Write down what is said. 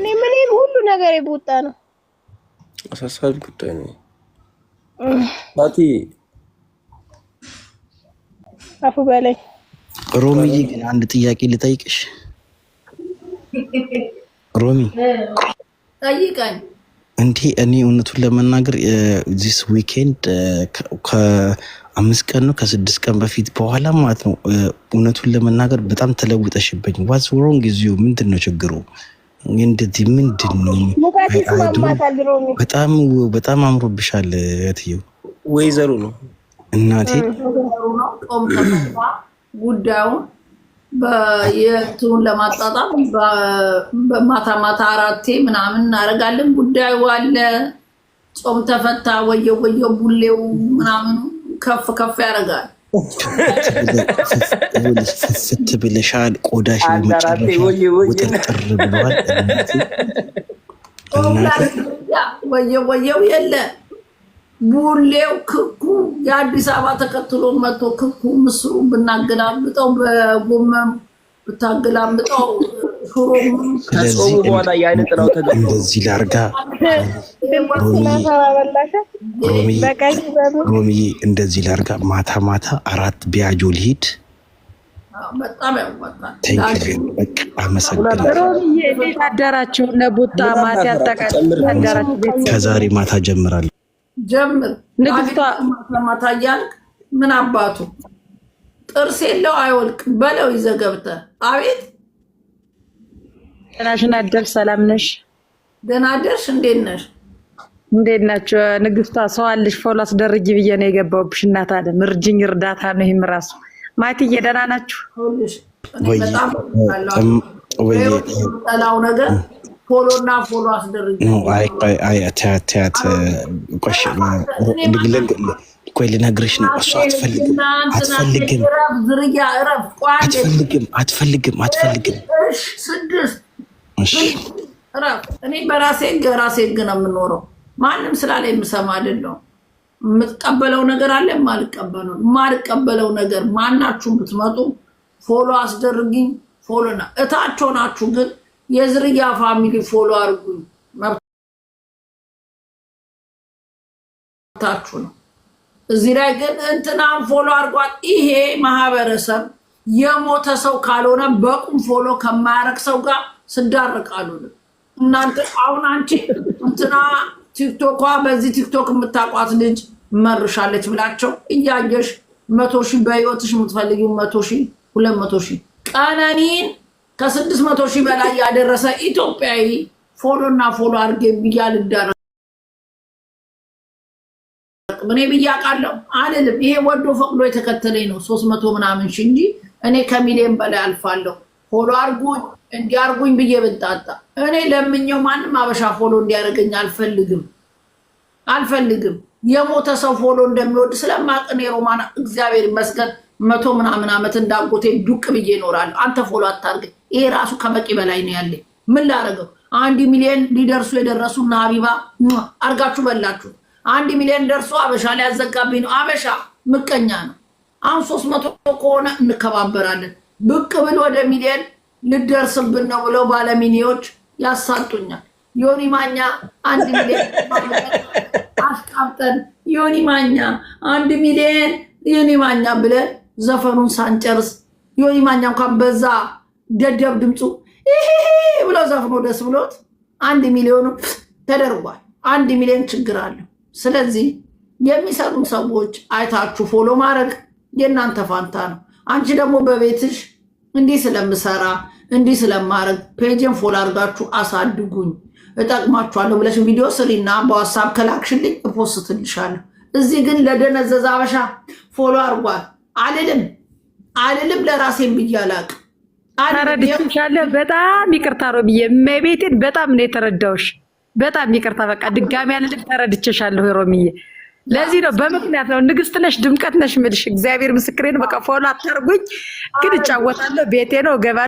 እኔ ምን ሁሉ ነገር የቦጣ ነው። አሳሳቢ ጉዳይ ነው። ባቲ አፉ በላይ ሮሚዬ፣ ግን አንድ ጥያቄ ልጠይቅሽ። ሮሚ ጠይቀኝ። እንዲህ እኔ እውነቱን ለመናገር ዚስ ዊኬንድ ከአምስት ቀን ነው ከስድስት ቀን በፊት በኋላ ማለት ነው። እውነቱን ለመናገር በጣም ተለውጠሽብኝ። ዋትስ ሮንግ ዩ ምንድን ነው ችግሩ? እንደዚህ ምንድን ነው? በጣም በጣም አምሮብሻል ወይዘሩ ነው እናቴ ጉዳዩን የእንትኑን ለማጣጣም በማታ ማታ አራቴ ምናምን እናደርጋለን። ጉዳዩ አለ፣ ጾም ተፈታ፣ ወየው ወየው ቡሌው ምናምኑ ከፍ ከፍ ያደርጋል። ስት ብልሻል፣ ቆዳሽ መጨረሻ ውጥጥር ብለዋል። ወየው የለ ቡሌው ክኩ የአዲስ አበባ ተከትሎ መጥቶ ክኩ ምስሩ ብናገላብጠው በጎመን ብታገላምጠው ከጾሙ በኋላ የአይን ጥላው ተገኝቶ እንደዚህ ላርጋ ሮሚዬ፣ እንደዚህ ላርጋ ማታ ማታ አራት ቢያጆ ልሂድ። አደራችሁ ማታ ያጠቃችሁ። ከዛሬ ማታ ጀምራለሁ። ጀምር ንግስቷ ማታ እያልክ ምን አባቱ ጥርስ የለው አይወልቅም። በለው ይዘገብተ አቤት። ደህና አደርሽ። ሰላም ነሽ? ደህና አደርሽ። እንዴት ነሽ? እንዴት ናቸው? ንግስቷ ሰው አለሽ ፎሎ አስደርጊ ብዬ ነው የገባሁብሽ። እናት አለ ምርጅኝ እርዳታ ነው ይህም ራሱ ማየትዬ ደህና ናችሁ? ጠላው ነገር ፎሎ እና ፎሎ አስደርጊ ቆይ ልነግርሽ ነው። እሱ አትፈልግም አትፈልግም አትፈልግም አትፈልግም አትፈልግም። እኔ በራሴ ራሴ ህግ ነው የምኖረው። ማንም ስላለ የምሰማ አይደለው? የምትቀበለው ነገር አለ የማልቀበለው የማልቀበለው ነገር ማናችሁ ብትመጡ ፎሎ አስደርግኝ። ፎሎ ና እታች ናችሁ፣ ግን የዝርያ ፋሚሊ ፎሎ አድርጉኝ። መብታችሁ ነው። እዚህ ላይ ግን እንትናን ፎሎ አድርጓት። ይሄ ማህበረሰብ የሞተ ሰው ካልሆነ በቁም ፎሎ ከማያረግ ሰው ጋር ስዳርቃሉ። እናንተ አሁን አንቺ እንትና ቲክቶኳ በዚህ ቲክቶክ የምታቋት ልጅ መርሻለች ብላቸው እያየሽ መቶ ሺህ በህይወትሽ የምትፈልጊው መቶ ሺህ ሁለት መቶ ሺህ ቀነኒን ከስድስት መቶ ሺህ በላይ ያደረሰ ኢትዮጵያዊ ፎሎና ፎሎ አድርጌ ብያ አልሰጥም። እኔ አውቃለሁ አልልም። ይሄ ወዶ ፈቅዶ የተከተለኝ ነው ሶስት መቶ ምናምን ሺ እንጂ እኔ ከሚሊዮን በላይ አልፋለሁ። ፎሎ አርጉኝ እንዲያርጉኝ ብዬ ብንጣጣ እኔ ለምኘው ማንም አበሻ ፎሎ እንዲያደርገኝ አልፈልግም አልፈልግም። የሞተ ሰው ፎሎ እንደሚወድ ስለማቅን የሮማን እግዚአብሔር ይመስገን መቶ ምናምን ዓመት እንዳጎቴ ዱቅ ብዬ ይኖራለሁ። አንተ ፎሎ አታርገኝ። ይሄ ራሱ ከበቂ በላይ ነው ያለኝ። ምን ላረገው? አንድ ሚሊዮን ሊደርሱ የደረሱ እና ሀቢባ አርጋችሁ በላችሁ። አንድ ሚሊዮን ደርሶ አበሻ ላይ ያዘጋብኝ ነው። አበሻ ምቀኛ ነው። አሁን ሶስት መቶ ከሆነ እንከባበራለን። ብቅ ብል ወደ ሚሊዮን ልደርስብን ነው ብለው ባለሚኒዎች ያሳጡኛል። ዮኒ ማኛ አንድ ሚሊዮን አስቃምጠን ዮኒ ማኛ አንድ ሚሊዮን ዮኒ ማኛ ብለን ዘፈኑን ሳንጨርስ ዮኒ ማኛ እንኳን በዛ ደደብ ድምፁ ብሎ ዘፍኖ ደስ ብሎት አንድ ሚሊዮኑ ተደርጓል። አንድ ሚሊዮን ችግር አለው። ስለዚህ የሚሰሩ ሰዎች አይታችሁ ፎሎ ማድረግ የእናንተ ፋንታ ነው። አንቺ ደግሞ በቤትሽ እንዲህ ስለምሰራ እንዲህ ስለማድረግ ፔጅን ፎሎ አድርጋችሁ አሳድጉኝ እጠቅማችኋለሁ ብለሽ ቪዲዮ ስሪና በዋሳብ ከላክሽልኝ እፖስትልሻለሁ። እዚህ ግን ለደነዘዘ አበሻ ፎሎ አድርጓል አልልም አልልም ለራሴን ብዬ አላቅም። ተረድቻለሁ። በጣም ይቅርታ ነው ብዬ እመቤቴን በጣም ነው የተረዳውሽ። በጣም ይቅርታ። በቃ ድጋሚ ያለ ልብ ተረድቼሻለሁ ሮሚዬ። ለዚህ ነው በምክንያት ነው። ንግስት ነሽ፣ ድምቀት ነሽ ምልሽ። እግዚአብሔር ምስክሬን። በቃ ፎሎ አታርጉኝ፣ ግን እጫወታለሁ። ቤቴ ነው ገባ